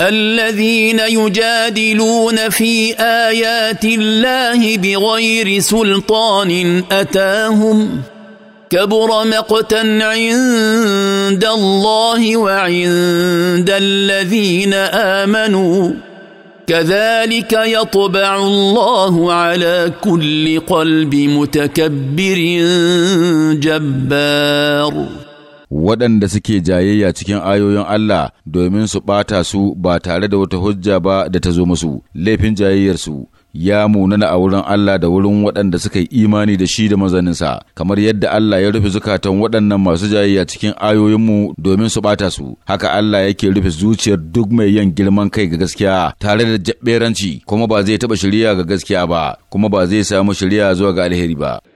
الذين يجادلون في ايات الله بغير سلطان اتاهم كبر مقتا عند الله وعند الذين امنوا كذلك يطبع الله على كل قلب متكبر جبار waɗanda suke jayayya cikin ayoyin Allah domin su ɓata su ba tare da wata hujja ba da ta zo musu laifin jayayyarsu ya munana a wurin Allah da wurin waɗanda suka yi imani da shi da mazaninsa kamar yadda Allah ya rufe zukatan waɗannan masu jayayya cikin ayoyinmu domin su ɓata su haka Allah yake rufe zuciyar duk mai yin girman kai ga gaskiya tare da jabberanci kuma ba zai taɓa shirya ga gaskiya ba kuma ba zai samu shirya zuwa ga alheri ba